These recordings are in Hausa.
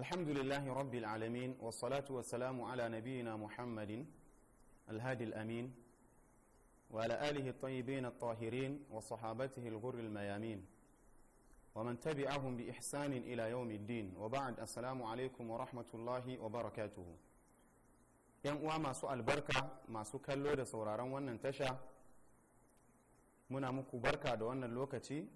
الحمد لله رب العالمين والصلاة والسلام على نبينا محمد الهادي الأمين وعلى آله الطيبين الطاهرين وصحابته الغر الميامين ومن تبعهم بإحسان إلى يوم الدين وبعد السلام عليكم ورحمة الله وبركاته يوم ما سؤال بركة ما سؤال لودة سوراً وننتشأ muna muku barka da wannan lokaci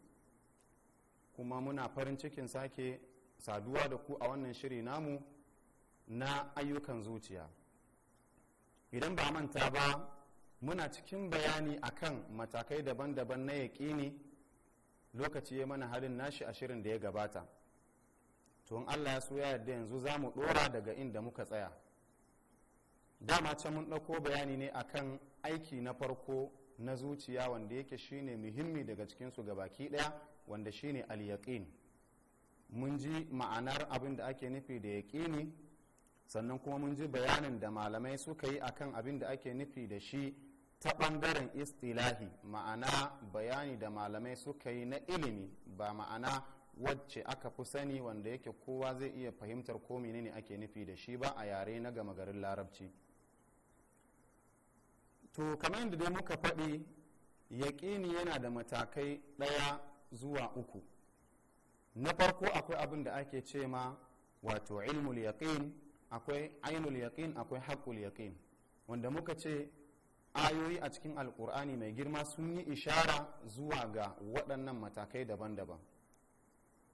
kuma muna farin cikin sake saduwa da ku a wannan shiri namu na ayyukan zuciya idan ba manta ba muna cikin bayani akan matakai daban-daban na yaƙini lokaci ya mana halin nashi a shirin da ya gabata tun allah ya so ya yarda yanzu za mu ɗora daga inda muka tsaya dama can mun ɗauko bayani ne akan aiki na farko na zuciya wanda yake shine muhimmi daga cikinsu ga baki ɗaya wanda shine al-yaqin mun ji ma'anar abin da ake nufi da yaƙini sannan kuma mun ji bayanin da malamai suka yi akan abin da ake nufi da shi ta ɓangaren istilahi ma'ana bayani da malamai suka yi na ilimi ba ma'ana wacce aka fi sani wanda yake kowa zai iya fahimtar ko menene ake nufi da shi ba a yare na gama garin larabci to kamar yadda dai muka faɗi yaƙini yana da matakai ɗaya zuwa uku na farko akwai abin da ake ce ma wato ilmul yaƙin akwai ainul yaƙin akwai haƙul yaƙin wanda muka ce ayoyi a cikin alƙur'ani mai girma sun yi ishara zuwa ga waɗannan matakai daban-daban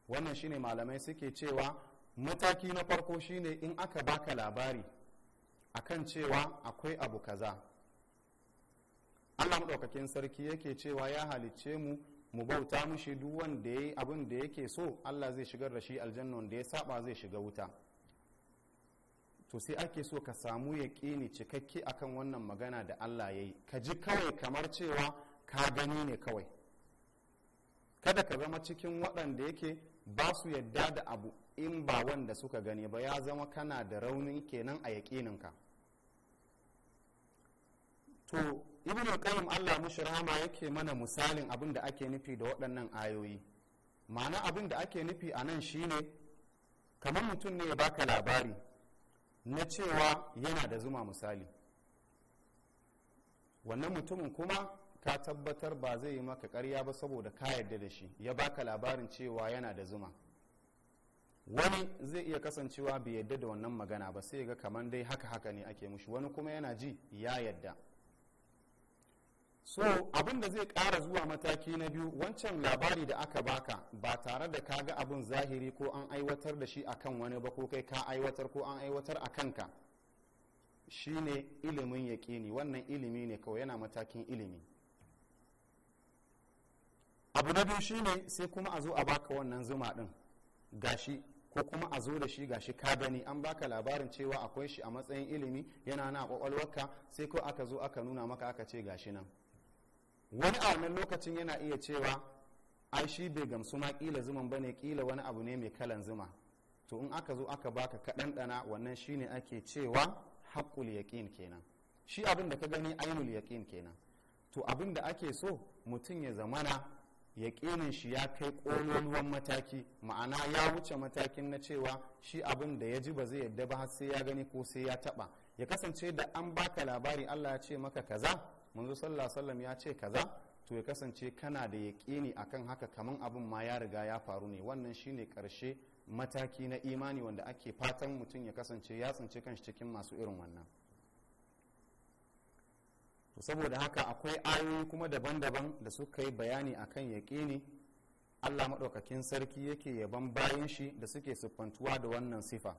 wannan shine malamai suke cewa mataki na farko shine in aka baka labari akan cewa akwai abu kaza allah maɗaukakin sarki yake cewa ya halicce mu mu bauta mushi duk wanda ya yi abin da yake so allah zai shigar da shi aljanna wanda ya saba zai shiga wuta to sai ake so ka samu ya ƙini cikakke akan wannan magana da allah ya yi ka ji kawai kamar cewa ka gani ne kawai kada ka zama cikin waɗanda yake ba su yadda da abu in ba wanda suka gani ba ya zama kana da raunin kenan a yaƙininka to ibn qayyim Allah mushi rahama yake mana misalin abin da ake nufi da waɗannan ayoyi ma'ana abin da ake nufi a nan shine kamar mutum ne ya baka labari na cewa yana da zuma misali wannan mutumin kuma ka tabbatar ba zai yi maka karya ba saboda ka yarda da shi ya baka labarin cewa yana da zuma wani zai iya kasancewa bai yarda da wannan magana ba sai ga kamar dai haka haka ne ake mushi wani kuma yana ji ya yarda so abin da zai kara zuwa mataki na biyu wancan labari da aka baka ba tare da ka ga abin zahiri ko an aiwatar da shi akan wani ba ko kai ka aiwatar ko an aiwatar a kanka shine ilimin yaƙini wannan ilimi ne kawai yana matakin ilimi abu na biyu shine sai kuma a zo a baka wannan zuma ɗin gashi ko kuma a zo da shi gashi ka gani an baka labarin cewa akwai shi a matsayin ilimi yana na kwakwalwarka sai ko aka zo aka nuna maka aka ce gashi nan wani a wannan lokacin yana iya cewa ai shi bai gamsu ma kila zuman bane kila wani abu ne mai kalan zuma to in aka zo aka baka kaɗan ɗana wannan shine ake cewa haƙƙul yaƙin kenan shi abin da ka gani ainul yaƙin kenan to abin da ake so mutum ya zamana yaƙinin shi ya kai ƙololuwan mataki ma'ana ya wuce matakin na cewa shi abin da ya ji ba zai yadda ba sai ya gani ko sai ya taɓa ya kasance da an baka labari allah ya ce maka kaza manzo sallallahu alaihi wasallam ya ce kaza to ya kasance kana da yaqini akan haka kaman abin ma ya riga ya faru ne wannan shine karshe mataki na imani wanda ake fatan mutum ya kasance ya tsinci kanshi cikin masu irin wannan to saboda haka akwai ayoyi kuma daban-daban da suka yi bayani akan yaqini allah maɗaukakin sarki yake yaban bayan shi da suke siffantuwa da wannan sifa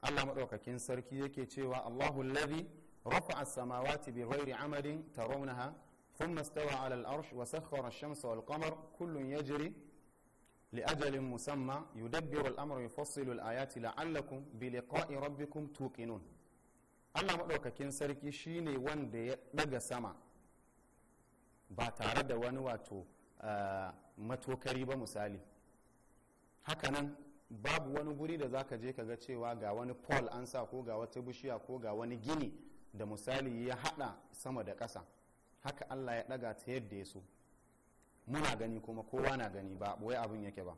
allah maɗaukakin sarki yake cewa allahu ladhi رفع السماوات بغير عمل ترونها ثم استوى على الأرش وسخر الشمس والقمر كل يجري لأجل مسمى يدبر الأمر يفصل الآيات لعلكم بلقاء ربكم توقنون الله مدوكا كين سركي شيني وان دي بغا سما با تارد وان واتو آه، متو كريبا مسالي هكذا باب وان بريد ذاك جيكا جاتشي واغا وان بول أنسا كوغا واتبوشيا كوغا وان جيني da misali ya haɗa sama da ƙasa haka allah ya ɗaga ta yadda ya so muna gani kuma kowa na gani ba wai abin yake ba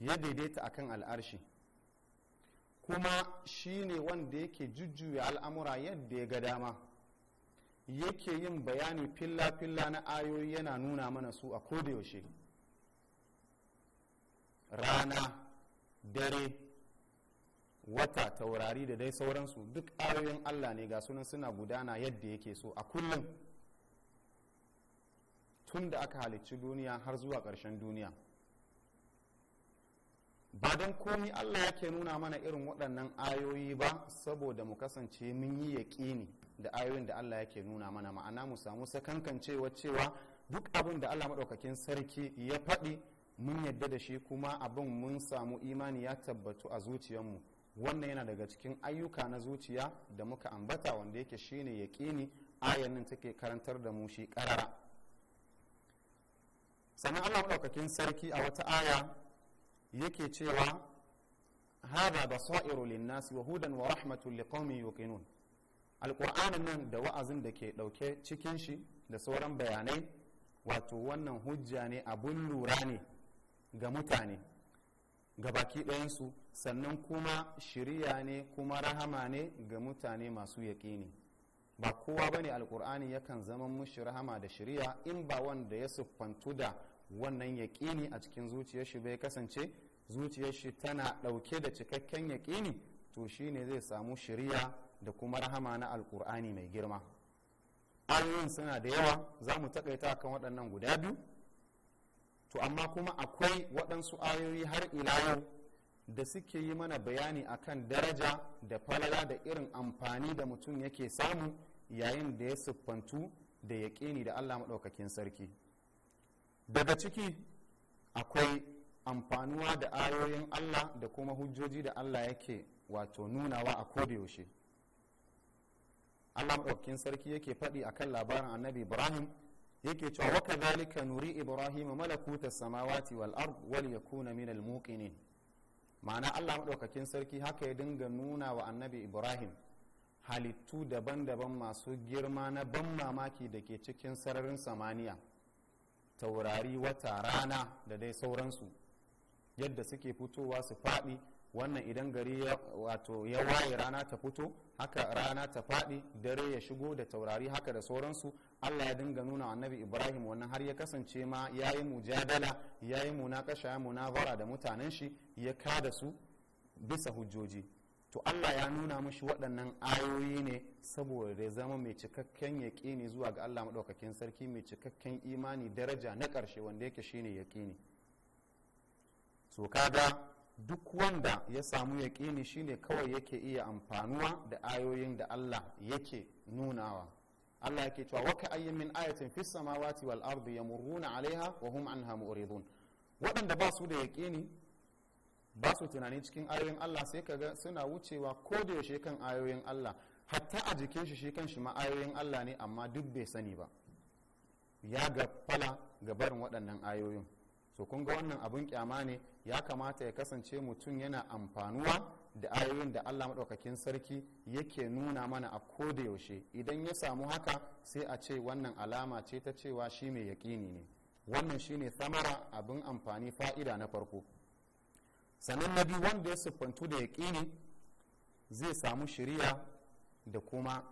ya daidaita a kan al'arshi kuma shi ne wanda yake jujjuya al'amura yadda ya ga dama yake yin bayani filla-filla na ayoyi yana nuna mana su a kodayaushe rana dare wata taurari da dai sauransu duk ayoyin allah ne ga sunan suna gudana yadda yake so a kullum tun da aka halicci duniya har zuwa ƙarshen duniya ba don komi allah yake nuna mana irin waɗannan ayoyi ba saboda mu kasance mun yi yaƙini da ayoyin da allah yake nuna mana ma'ana mu samu sakankancewa cewa duk abin da allah maɗaukakin sarki ya faɗi mun yadda da shi kuma abin mun samu imani ya tabbatu a zuciyarmu wannan yana daga cikin ayyuka na zuciya da muka ambata wanda yake shine yaƙini ayan nan take karantar da mu shi ƙarara sannan allah ɗaukakin sarki a wata aya yake cewa hada basairu linnasi wa hudan wa rahmatu liqaumin yuqinun alƙur'anin nan da wa'azin da ke ɗauke cikin shi da sauran bayanai wato wannan hujja ne abun lura ne ga mutane Ga baki ɗayansu sannan kuma shiriya ne kuma rahama ne ga mutane masu yaƙini ba kowa ba ne alƙur'ani yakan zama mushi rahama da shiriya in ba wanda ya siffantu da wannan yaƙini a cikin zuciyar shi bai kasance zuciyar shi tana ɗauke da cikakken yaƙini to shi ne zai samu shiriya da kuma rahama na alƙur'ani mai girma ayoyin suna da yawa za mu taƙaita kan waɗannan guda biyu to amma kuma akwai waɗansu ayoyi har ila yau da suke yi mana bayani akan daraja da falala da irin amfani da mutum yake samu yayin da ya siffantu da ya yaƙini da allah maɗaukakin sarki daga ciki akwai amfanuwa da ayoyin allah da kuma hujjoji da allah yake wato nunawa a kodayaushe allah maɗaukakin sarki yake faɗi akan labarin annabi ibrahim yake cewa wa kadhalika nuri ibrahim malakuta samawati wal ard wal yakuna min al muqinin ma'ana Allah madaukakin sarki haka ya dinga nuna wa annabi ibrahim halittu daban-daban masu girma na ban mamaki da ke cikin sararin samaniya taurari wata rana da dai sauransu yadda suke fitowa su faɗi wannan idan gari wato ya waye rana ta fito haka rana ta faɗi dare ya shigo da taurari haka da sauransu allah ya dinga nuna annabi ibrahim wannan har ya kasance ma ya yi mujadala ya yi munakasha ya munabara da mutanen shi ya kada su bisa hujjoji to allah ya nuna mushi waɗannan ayoyi ne saboda ya zama mai cikakken yaƙini zuwa ga allah maɗaukakin sarki mai cikakken imani daraja na ƙarshe wanda yake shine yaƙini so kaga duk wanda ya samu yaƙini shine kawai yake iya amfanuwa da ayoyin da Allah yake nunawa Allah yake cewa waka ayyin min ayatin fis samawati wal ardi yamurruna alaiha wa hum anha mu'ridun waɗanda ba su da yaƙini ba su tunani cikin ayoyin Allah sai ka ga suna wucewa ko da yaushe kan ayoyin Allah hatta a jikin shi shi kan shi ma ayoyin Allah ne amma duk bai sani ba ya gafala ga barin waɗannan ayoyin to kun ga wannan abin kyama ne ya kamata ya kasance mutum yana amfanuwa da ayoyin da allah maɗaukakin sarki yake nuna mana a ko da yaushe idan ya samu haka sai a ce wannan alama ce ta cewa shi mai yaƙini ne wannan ne samara abin amfani fa'ida na farko sannan na biyu wanda ya siffantu da yaƙini zai samu shiriya da kuma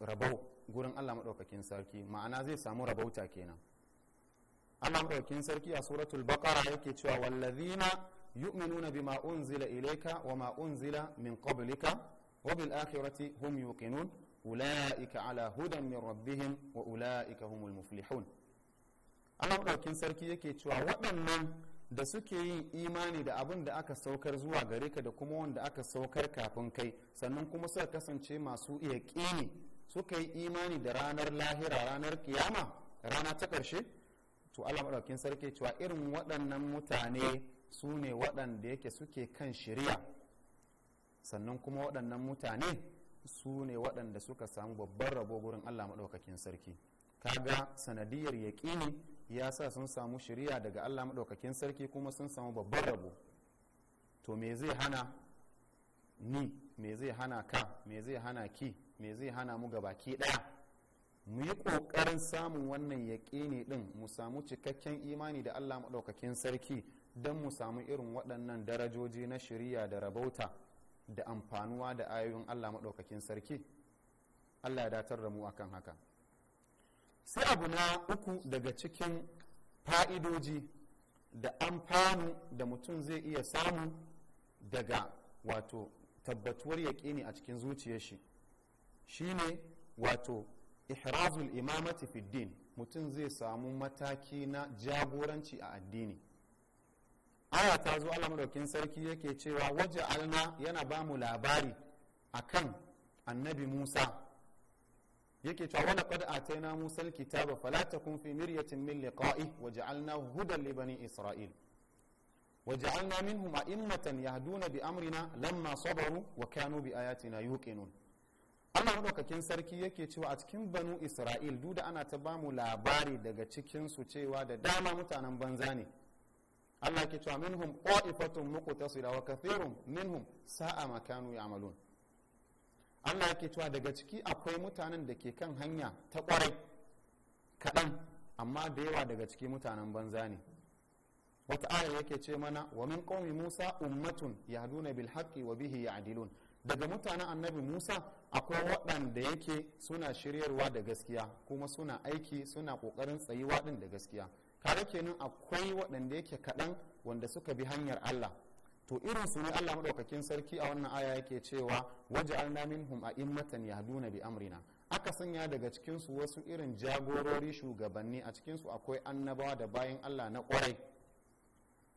rabau gurin allah maɗaukakin sarki ma'ana zai samu rabauta kenan Allah madaukakin sarki a suratul baqara yake cewa wallazina yu'minuna bima unzila ilayka wa ma unzila min qablika wa bil akhirati hum yuqinun ulaika ala hudan min rabbihim wa ulaika humul muflihun Allah madaukakin sarki yake cewa waɗannan da suke yin imani da abin da aka saukar zuwa gare ka da kuma wanda aka saukar kafin kai sannan kuma suka kasance masu iya suka yi imani da ranar lahira ranar kiyama rana ta ƙarshe to Allah madaukakin sarki cewa irin waɗannan mutane su ne waɗanda yake suke kan shirya sannan kuma waɗannan mutane su ne waɗanda suka samu babban rabo gurin Allah maɗaukakin sarki kaga sanadiyar yaƙini ya sa sun samu shirya daga Allah maɗaukakin sarki kuma sun samu babban rabo to me zai hana ni me zai hana ka me zai hana ki me zai hana mu gabaki ɗaya mu yi ƙoƙarin samun wannan yaƙini ɗin mu samu cikakken imani da allah maɗaukakin sarki don mu samu irin waɗannan darajoji na shirya da rabauta da amfanuwa da ayoyin allah maɗaukakin sarki allah ya datar da mu akan haka sai abu na uku daga cikin fa'idoji da amfanu da mutum zai iya samu daga wato tabbatuwar yaƙini a cikin zuciyar shi shine wato ihrazul imamati fi din mutum zai samu mataki na jagoranci a addini aya ta zo Allah madaukin sarki yake cewa waje alna yana ba mu labari akan annabi Musa yake cewa wala qad atayna Musa alkitaba fala takun fi miryatin min liqa'i waja'alnahu hudan li bani Isra'il waja'alna minhum a'immatan yahduna bi amrina lamma sabaru wa kanu bi ayatina yuqinun allah maɗaukakin sarki yake cewa a cikin banu isra'il duk da ana ta bamu labari daga cikinsu cewa da dama mutanen banza ne allah ke cewa minhum qa'ifatun muqtasida wa kathirun minhum sa'a ma kanu ya'malun allah yake cewa daga ciki akwai mutanen da ke kan hanya ta kwarai kaɗan amma da yawa daga ciki mutanen banza ne wata ayar yake ce mana wa min qaumi musa ummatun yahduna bil haqqi wa bihi ya'dilun daga mutanen annabi musa akwai waɗanda yake suna shiryarwa da gaskiya kuma suna aiki suna ƙoƙarin tsayuwa ɗin da gaskiya kare kenan akwai waɗanda yake kaɗan wanda suka bi hanyar allah to irin su ne allah maɗaukakin sarki a wannan aya yake cewa waje an namin hum a immatan yahduna bi amrina aka sanya daga cikinsu wasu irin jagorori shugabanni a cikinsu akwai annabawa da bayan allah na ƙwarai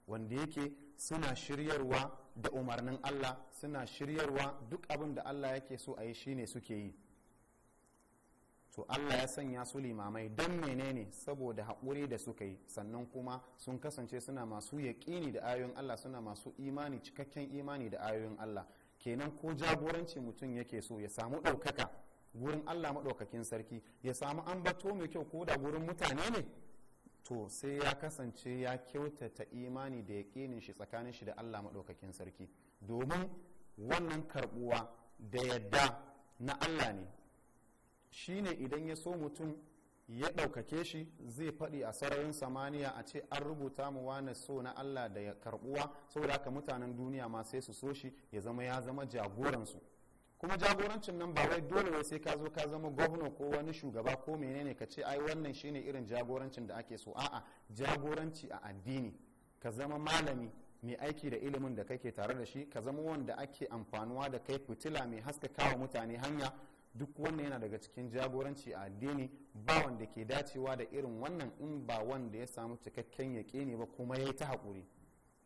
wanda yake suna shiryarwa da umarnin Allah suna shiryarwa duk abin da Allah yake so a yi shine suke yi to Allah ya sanya su limamai don menene saboda haƙuri da suka yi sannan kuma sun kasance suna masu yaƙini da ayoyin Allah suna masu imani cikakken imani da ayoyin Allah kenan ko jagoranci mutum yake so ya samu ɗaukaka wurin Allah maɗaukakin sarki ya samu ambato mai kyau ko da wurin mutane ne to sai ya kasance ya kyautata imani da yaƙinin shi tsakanin shi da allah maɗaukakin sarki domin wannan karɓuwa da yadda na allah ne shine idan ya so mutum ya ɗaukake shi zai faɗi a sararin samaniya a ce an rubuta mu wane so na Allah da ya karɓuwa saboda haka mutanen duniya ma sai su so shi ya zama ya zama jagoransu kuma jagorancin nan ba wai dole wai sai ka zo ka zama gwamna ko wani shugaba ko menene ka ce ai wannan shine irin jagorancin da ake so a'a jagoranci a addini ka zama malami mai aiki da ilimin da kake tare da shi ka zama wanda ake amfanuwa da kai fitila mai wa mutane hanya duk wannan yana daga cikin jagoranci a addini ba wanda ke dacewa da irin wannan in ba wanda ya samu cikakken ne ba kuma ya yi ta haƙuri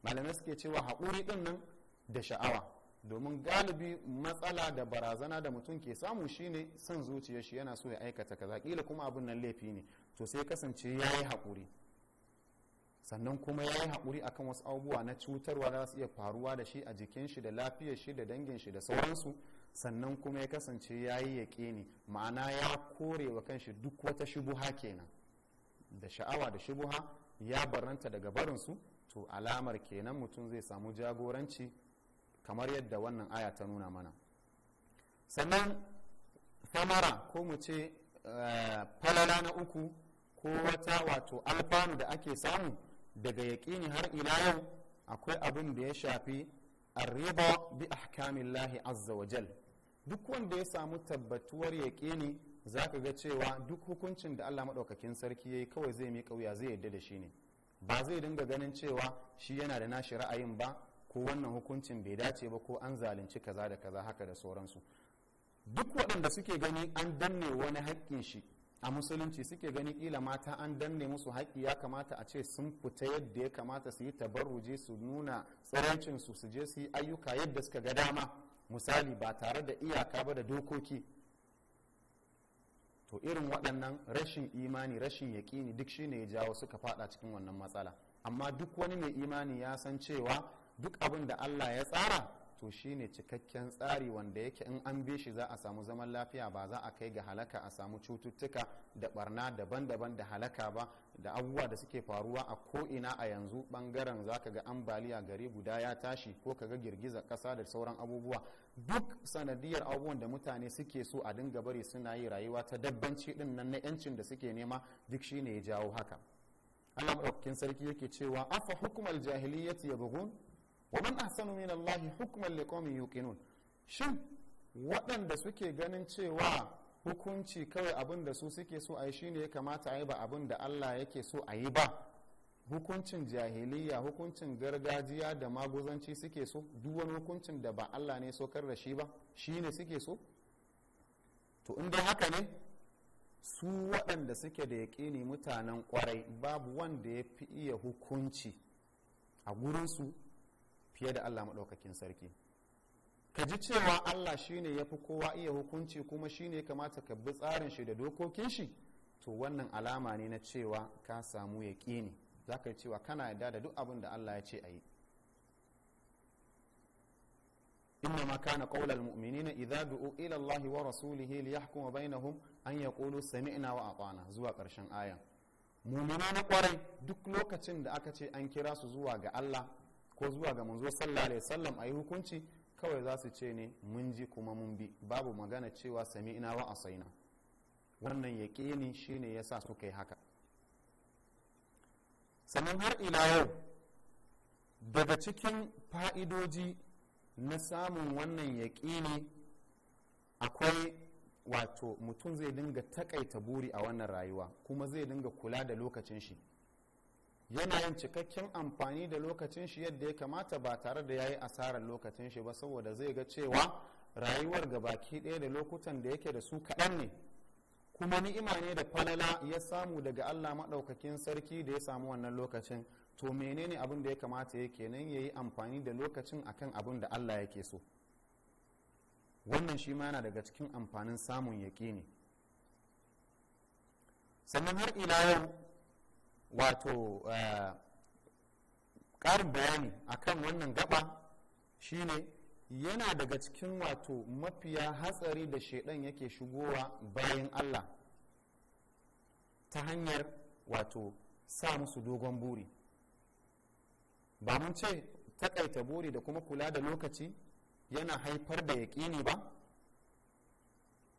malamai suke cewa haƙuri ɗin nan da sha'awa domin galibi matsala da barazana da mutum ke samu shine son zuciyar shi yana so ya aikata kaza kila kuma abin nan laifi ne to sai kasance ya yi haƙuri sannan kuma ya yi haƙuri akan wasu abubuwa na cutarwa za su iya faruwa da shi a jikin shi da lafiyar shi da dangin shi da sauransu sannan kuma ya kasance ya yi ne ma'ana ya kore wa kanshi duk wata shubuha kenan da sha'awa da shubuha ya baranta daga barinsu to alamar kenan mutum zai samu jagoranci kamar yadda wannan aya ta nuna mana sannan famara ko mu ce eh, falala na uku ko wata wato alfanu da ake samu daga yaƙini har ila yau akwai abin da ya shafi arriba bi ahkamillahi azza wa jal duk wanda ya samu tabbatuwar yaƙini za ka ga cewa duk hukuncin da allah maɗaukakin sarki ya yi kawai zai miƙa wuya zai yadda da shi ne ba zai dinga ganin cewa shi yana da nashi ra'ayin ba ko wannan hukuncin bai dace ba ko an zalunci kaza da kaza haka da sauransu duk waɗanda suke gani an danne wani haƙƙin shi a musulunci suke gani kila mata an danne musu haƙƙi ya kamata a ce sun fita yadda ya kamata su yi tabarruje su nuna tsarancin su su je su yi ayyuka yadda suka ga dama misali ba tare da iyaka ba da dokoki to irin waɗannan rashin imani rashin yaƙini duk shine ya jawo suka faɗa cikin wannan matsala amma duk wani mai imani ya san cewa duk abin da Allah ya tsara to shine cikakken tsari wanda yake in an bi shi za a samu zaman lafiya ba za a kai ga halaka a samu cututtuka da barna daban-daban da halaka ba da abubuwa da suke faruwa a ko'ina a yanzu bangaren za ka ga ambaliya gari guda ya tashi ko ka ga girgiza ƙasa da sauran abubuwa duk sanadiyar abubuwan da mutane suke so a dinga bari suna yi rayuwa ta dabbanci din nan na 'yancin da suke nema duk shine ya jawo haka Allah maɗaukakin sarki yake cewa afa hukumar jahiliyyati ya bugu. wa man ahsanu min Allah hukman likomin yuqinun shin waɗanda suke ganin cewa hukunci kawai abin da su suke so a yi shine ya kamata a yi ba abin da Allah yake so a yi ba hukuncin jahiliya hukuncin gargajiya da maguzanci suke so duk wani hukuncin da ba Allah ne so kar da shi ba shine suke so to in dai haka ne su waɗanda suke da yaƙini mutanen ƙwarai babu wanda ya fi iya hukunci a gurinsu fiye da allah maɗaukakin sarki ka ji cewa allah shine ya fi kowa iya hukunci kuma shine ya kamata ka bi tsarin shi da dokokin shi to wannan alama ne na cewa ka samu ya ƙini za ka yi cewa kana yarda da duk abin da allah ya ce a yi إنما كان قول المؤمنين wa na إلى الله ورسوله ليحكم sami أن wa kwana zuwa ƙarshen ayan mu'mina na kwarai duk lokacin da aka ce an kira su zuwa ga Allah ko zuwa ga manzo sallallahu alaihi wasallam ayi hukunci kawai za su ce ne mun ji kuma mun bi babu magana cewa sami ina wa asaina wannan yaqini shine yasa suka yi haka sannan har ila yau daga cikin fa'idoji na samun wannan ne akwai wato mutum zai dinga takaita buri a wannan rayuwa kuma zai dinga kula da lokacin shi yana yin cikakken amfani da lokacin shi yadda ya kamata ba tare da ya yi asarar lokacin shi ba saboda zai ga cewa rayuwar gabaki baki ɗaya da lokutan da yake da su kaɗan ne kuma ni'ima ne da falala ya samu daga allah maɗaukakin sarki da ya samu wannan lokacin to menene abin da ya kamata ya kenan ya yi amfani da lokacin akan abin da allah yake so wannan shi ma yana daga cikin amfanin samun ne. sannan har ila yau wato eh, ƙarin bayani akan wannan gaba shine yana daga cikin wato mafiya hatsari da shaidan yake shigowa bayan allah ta hanyar wato sa musu dogon buri ba mun ce takaita buri da kuma kula da lokaci yana haifar da yaƙini ba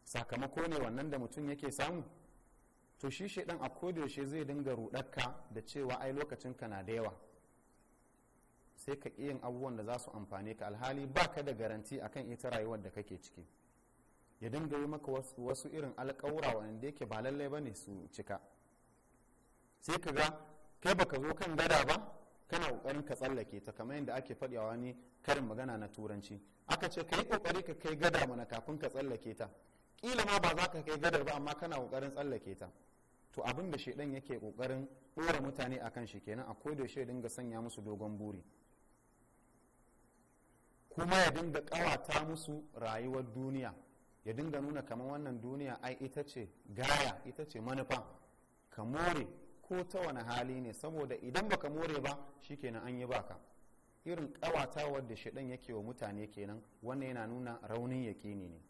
sakamako ne wannan da mutum yake samu to shi shaidan a yaushe zai dinga rudarka da cewa ai lokacin ka na da yawa sai ka yin abubuwan da za su amfane ka alhali ba ka da garanti akan ita rayuwar da kake ciki ya dinga yi maka wasu irin alƙawura wanda yake ba lallai ba ne su cika sai ka ga kai baka zo kan gada ba kana kokarin ka tsallake ta kamar yadda ake faɗi a karin magana na turanci aka ce ka yi kokari ka kai gada mana kafin ka tsallake ta kila ma ba za ka kai gadar ba amma kana kokarin tsallake ta to abin da shaidan yake kokarin ɗora mutane akan shi kenan a koda shi dinga sanya musu dogon buri kuma ya dinga ƙawata musu rayuwar duniya ya dinga nuna kamar wannan duniya ai ita ce gaya ita ce manufa ka more ko ta wani hali ne saboda idan baka more ba shikenan an yi baka irin kawata wadda shaidan yake wa mutane kenan wannan yana nuna raunin yaƙini ne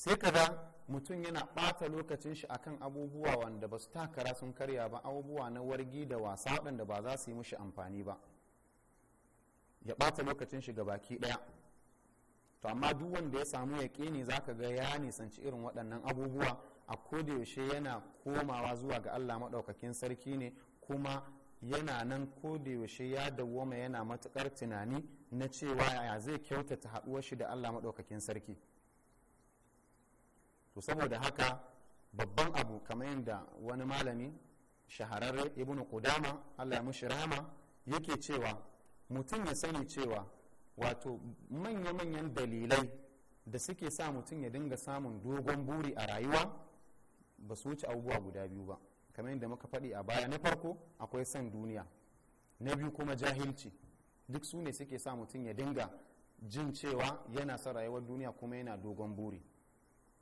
sai ka kaga mutum yana ɓata lokacin shi akan abubuwa wanda ba su takara sun karya ba abubuwa na wargi da wasa waɗanda ba za su yi mushi amfani ba ya ɓata lokacin shi ga baki ɗaya to amma duk wanda ya samu ya kini za ka ga ya nisanci irin waɗannan abubuwa a kodayaushe yana komawa zuwa ga allah maɗaukakin sarki ne kuma yana nan kodayaushe ya dawoma yana matuƙar tunani na cewa ya zai kyautata haɗuwar shi da allah maɗaukakin sarki to saboda haka babban abu kamar yadda wani malami shahararre ibn qudama Allah ya mushi rahama yake cewa mutum ya sani cewa wato manya-manyan dalilai da suke sa mutum ya dinga samun dogon buri a rayuwa ba su wuce abubuwa guda biyu ba kamar yadda muka faɗi a baya na farko akwai san duniya na biyu kuma jahilci duk sune suke sa mutum ya dinga jin cewa yana son rayuwar duniya kuma yana dogon buri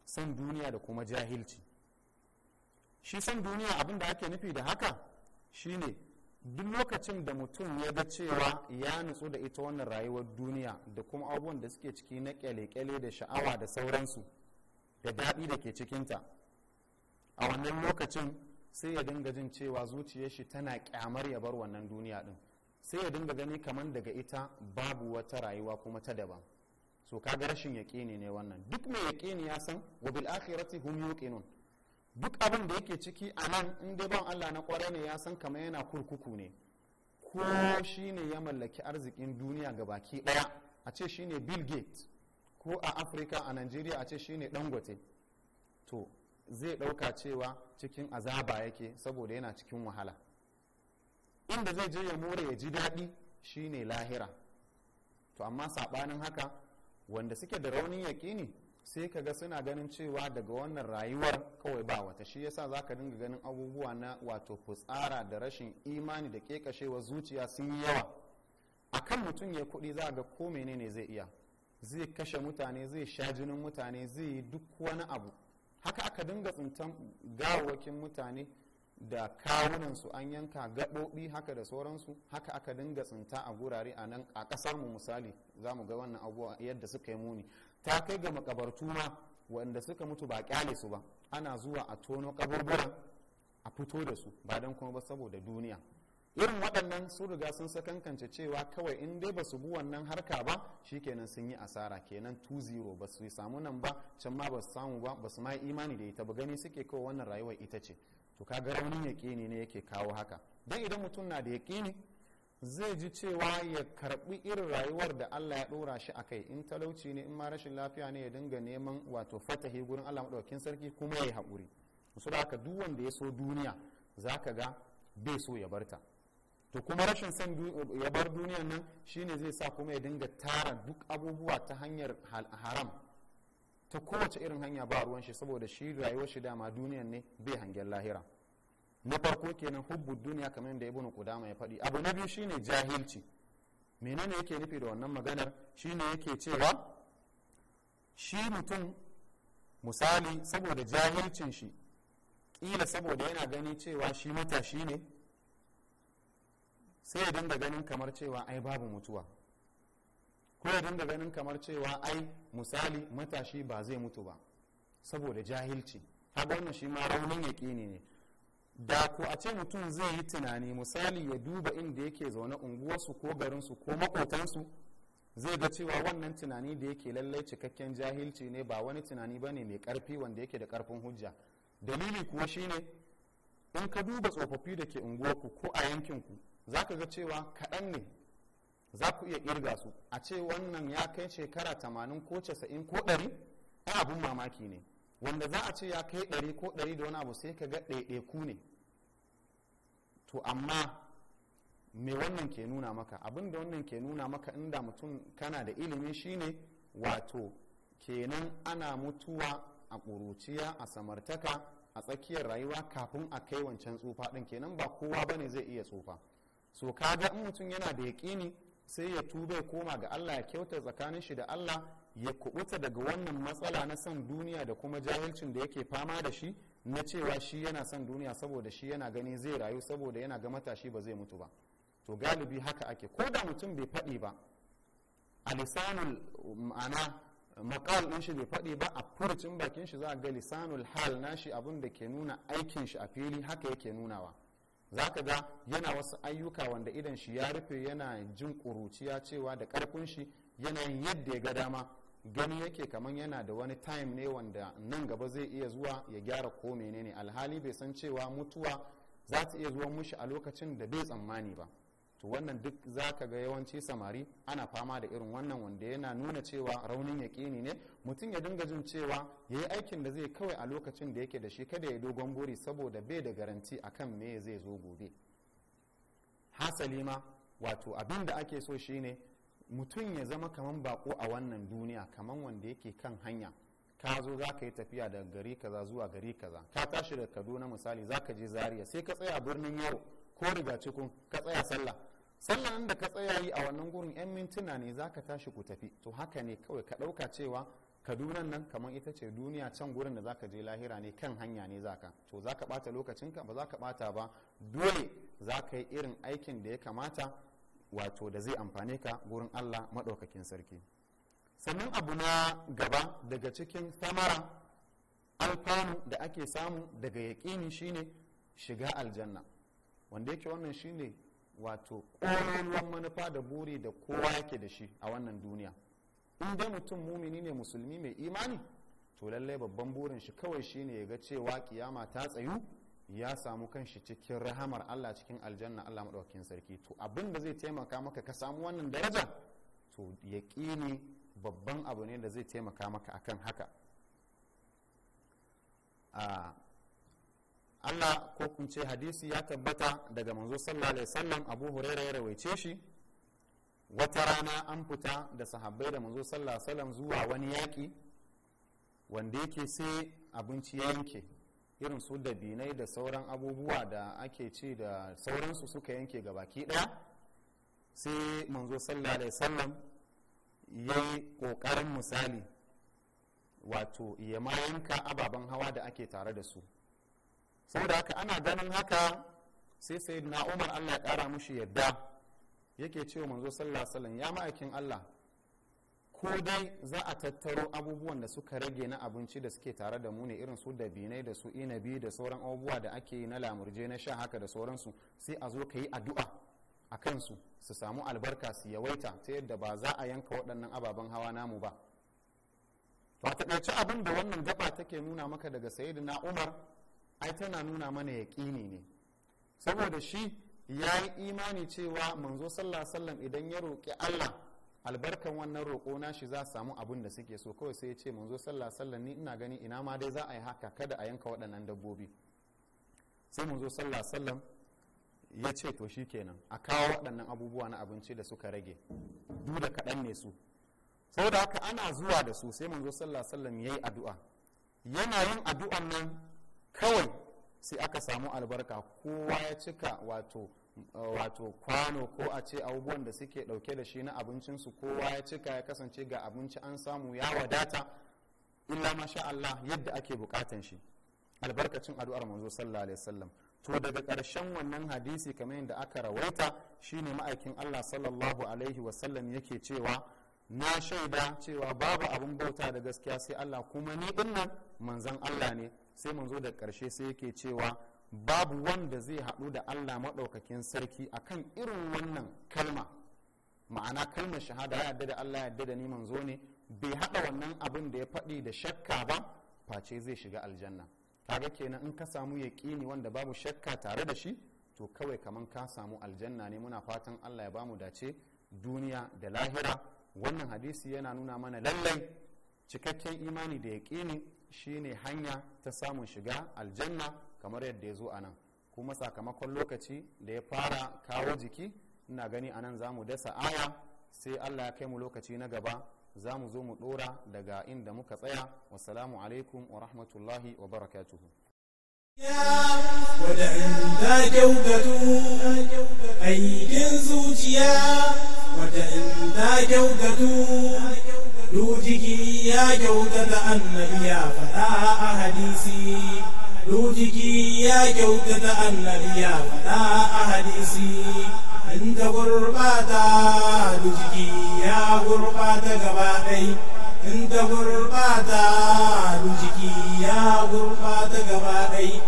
san duniya da kuma jahilci shi san duniya abin da ake nufi da haka shine duk lokacin da mutum ya ga cewa ya nutsu da ita wannan rayuwar duniya da kuma abubuwan da suke ciki na kyale-kyale da sha'awa da sauransu da daɗi da ke cikinta a wannan lokacin sai ya dinga jin cewa zuciyar shi tana kyamar ya bar wannan duniya din sai ya dinga gani kamar daga ita babu wata rayuwa kuma ta daban so kaga rashin yaƙini ne wannan duk mai yaƙini ya san wa bil akhirati hum yuqinun duk abin da yake ciki a nan in dai ban Allah na kware ne ya san kamar yana kurkuku ne ko shine ya mallaki arzikin duniya ga baki daya a ce shine Bill Gates ko a Afirka a nigeria a ce shine Dangote to zai dauka cewa cikin azaba yake saboda yana cikin wahala inda zai je ya more ya ji daɗi shine lahira to amma saɓanin haka wanda suke da raunin yaƙini sai ka ga suna ganin cewa daga wannan rayuwar kawai ba wata shi yasa za ka dinga ganin abubuwa na wato fitsara da rashin imani da ƙeƙashewar zuciya sun yi yawa a kan mutum ya kuɗi za ga ko menene zai iya zai kashe mutane zai sha jinin mutane zai yi duk wani abu haka aka dinga tsintan gawawakin mutane da kawunan su an yanka gaɓoɓi haka da sauransu haka aka dinga tsinta a gurare a nan a kasar mu misali za mu ga wannan abubuwa yadda suka yi muni ta kai ga makabartu ma wanda suka mutu ba kyale su ba ana zuwa a tono kaburbura a fito da su ba don kuma ba saboda duniya irin waɗannan sun riga sun sakankance cewa kawai in dai ba su bu wannan harka ba shikenan sun yi asara kenan 2-0 ba su samu nan ba can ma ba su samu ba ba su ma imani da ita ba gani suke kawai wannan rayuwar ita ce to kaga raunin yaƙini ne yake kawo haka dan idan mutum na da yaƙini zai ji cewa ya karbi irin rayuwar da Allah ya dora shi a kai in talauci ne in ma rashin lafiya ne ya dinga neman wato fatahi gurin Allah madaukakin sarki kuma ya haƙuri musu da duk wanda ya so duniya zaka ga bai so ya barta to kuma rashin san ya bar duniyan nan shine zai sa kuma ya dinga tara duk abubuwa ta hanyar haram ta kowace irin hanya ba ruwan shi saboda shi rayuwar shi dama duniyan ne bai hangen lahira na farko kenan hubbu duniya kamar da ibnu qudama ya faɗi abu na biyu shine jahilci menene yake nufi da wannan maganar shine yake cewa shi mutum misali saboda jahilcin shi kila saboda yana gani cewa shi matashi ne sai ya dinga ganin kamar cewa ai babu mutuwa ko ya dinga ganin kamar cewa ai misali matashi ba zai mutu ba saboda jahilci kaga wannan shi ma raunin yaƙini ne da ko a ce mutum zai yi tunani misali ya duba inda yake zaune unguwarsu ko garinsu ko makotansu zai ga cewa wannan tunani da yake lallai cikakken jahilci ne ba wani tunani ba ne mai karfi wanda yake da karfin hujja dalili kuwa shine in ka duba tsofaffi da ke unguwarku ko a yankinku za ka ga cewa kaɗan ne za ku iya kirga su a ce wannan ya kai shekara tamanin ko casa'in ko ɗari ai abun mamaki ne wanda za a ce ya kai ɗari ko 100 da wani abu sai ka ga ɗaiɗaiku ne to amma me wannan ke nuna maka abin da wannan ke nuna maka inda mutum kana da ilimi shine wato kenan ana mutuwa a ƙuruciya a samartaka a tsakiyar rayuwa kafin a kai wancan tsufa ɗin kenan ba kowa bane zai iya tsufa so kaga in mutum yana da yaƙini sai ya tuba koma ga Allah ya kyauta tsakanin shi da Allah ya kubuta daga wannan matsala na son duniya da kuma jahilcin da yake fama da shi na cewa shi yana son duniya saboda shi yana gani zai rayu saboda yana ga matashi ba zai mutu ba to galibi haka ake ko da mutum bai faɗi ba a lisanul ma'ana makal ɗin shi bai faɗi ba a furucin bakin shi za a ga lisanul hal nashi abin da ke nuna aikin shi a fili haka yake nunawa za ka ga yana wasu ayyuka wanda idan shi ya rufe yana jin ƙuruciya cewa da ƙarfin shi yana yadda ya ga dama gani yake kamar yana da wani time ne wanda nan gaba zai iya zuwa ya gyara ko menene alhali bai san cewa mutuwa za ta iya zuwa mushi a lokacin da bai tsammani ba to wannan duk za ka ga yawanci samari ana fama da irin wannan wanda yana nuna cewa raunin yaƙini ne mutum ya dinga jin cewa ya yi aikin da zai kawai a lokacin da yake da shi kada ya dogon buri saboda bai da garanti akan me zai zo gobe hasali ma wato abin da ake so shine mutum ya zama kaman bako a wannan duniya kaman wanda yake kan hanya ka zo za ka yi tafiya da gari kaza zuwa gari kaza ka tashi da kaduna misali za ka je zaria sai ka tsaya birnin yaro ko riga cikin ka tsaya sallah sallan da ka tsaya yi a wannan gurin yan mintuna ne za ka tashi ku tafi to haka ne kawai ka ɗauka cewa kaduna nan kamar ita ce duniya can gurin da za ka je lahira ne kan hanya ne za ka to za ka bata lokacinka ba za ka bata ba dole za ka yi irin aikin da ya kamata wato da zai amfane ka gurin Allah maɗaukakin sarki sannan abu na gaba daga cikin samara alfanu da ake samu daga yaƙini shine shiga aljanna wanda yake wannan shine wato ƙololuwan manufa da buri da kowa yake da shi a wannan duniya in dai mutum mumini ne musulmi mai imani to lallai babban burin shi kawai shine ya ga cewa kiyama ta tsayu ya samu kanshi cikin rahamar Allah cikin aljanna Allah maɗaukakin sarki to abin da zai taimaka maka ka samu wannan daraja to yaƙini babban abu ne da zai taimaka maka akan haka ah, Allah ko kun ce hadisi ya tabbata daga manzo sallallahu alaihi wasallam Abu Hurairah ya rawaice shi wata rana an fita da sahabbai da manzo sallallahu alaihi wasallam zuwa wani yaki wanda yake sai abinci ya yanke irin su dabinai da sauran abubuwa da ake ci da sauransu suka yanke ga baki daya sai manzo sallallahu alaihi wasallam ya yi kokarin misali wato ya ma yanka ababen hawa da ake tare da su saboda haka ana ganin haka sai sai na umar allah ya kara mushi yadda yake cewa manzo sallallahu alaihi wasallam ya ma'aikin allah ko dai za a tattaro abubuwan da suka rage na abinci da suke tare da mu ne irin su dabinai da su inabi da sauran abubuwa da ake yi na lamurje na sha haka da sauransu sai a zo ka yi addu'a a kansu su samu albarka su yawaita ta yadda ba za a yanka waɗannan ababen hawa namu ba to a taƙaice abin da wannan gaba take nuna maka daga sayyidina umar ai tana nuna mana yaƙini ne saboda shi ya yi imani cewa manzo sallah sallam idan ya roƙi allah albarkan wannan roƙo na shi za samu abin da suke so kawai sai ya ce manzo sallah sallam ni ina gani ina ma dai za a yi haka kada a yanka waɗannan dabbobi sai manzo sallah sallam ya ce to shi kenan a kawo waɗannan abubuwa na abinci da suka rage du da kaɗan ne su saboda haka ana zuwa da su sai manzo sallah sallam ya yi addu'a yana yin addu'an nan kawai sai aka samu albarka kowa ya cika wato wato kwano ko a ce abubuwan da suke dauke da shi na abincinsu kowa ya cika ya kasance ga abinci an samu ya wadata illa masha Allah yadda ake bukatan shi albarkacin addu'ar manzo sallallahu alaihi wasallam to daga ƙarshen wannan hadisi kamar yadda aka rawaita shine ma'aikin Allah sallallahu alaihi wasallam yake cewa na shaida cewa babu abin bauta da gaskiya sai Allah kuma ni dinnan manzon Allah ne sai mun zo da ƙarshe sai yake cewa babu wanda zai haɗu da allah maɗaukakin sarki akan irin wannan kalma ma'ana kalmar shahada ya yarda da allah yarda da ni manzo ne bai haɗa wannan abin da ya faɗi da shakka ba face zai shiga aljanna kaga kenan in ka samu yaƙini wanda babu shakka tare da shi to kawai kaman ka samu aljanna ne muna fatan allah ya bamu dace duniya da lahira wannan hadisi yana nuna mana lallai cikakken imani da yaƙini shine hanya ta samun shiga aljanna kamar yadda ya zo a nan kuma sakamakon lokaci da ya fara kawo jiki ina gani a nan za mu dasa aya sai allah ya kai mu lokaci na gaba za mu zo mu dora daga inda muka tsaya wasalamu alaikum wa rahmatullahi wa barakatuhu zuciya روجكي يا جودة النبي يا فتاة أحاديثي روجكي يا جودة النبي يا أحاديثي أنت غرباتا روجكي يا غرباتا غباتي أنت غرباتا روجكي يا غرباتا غباتي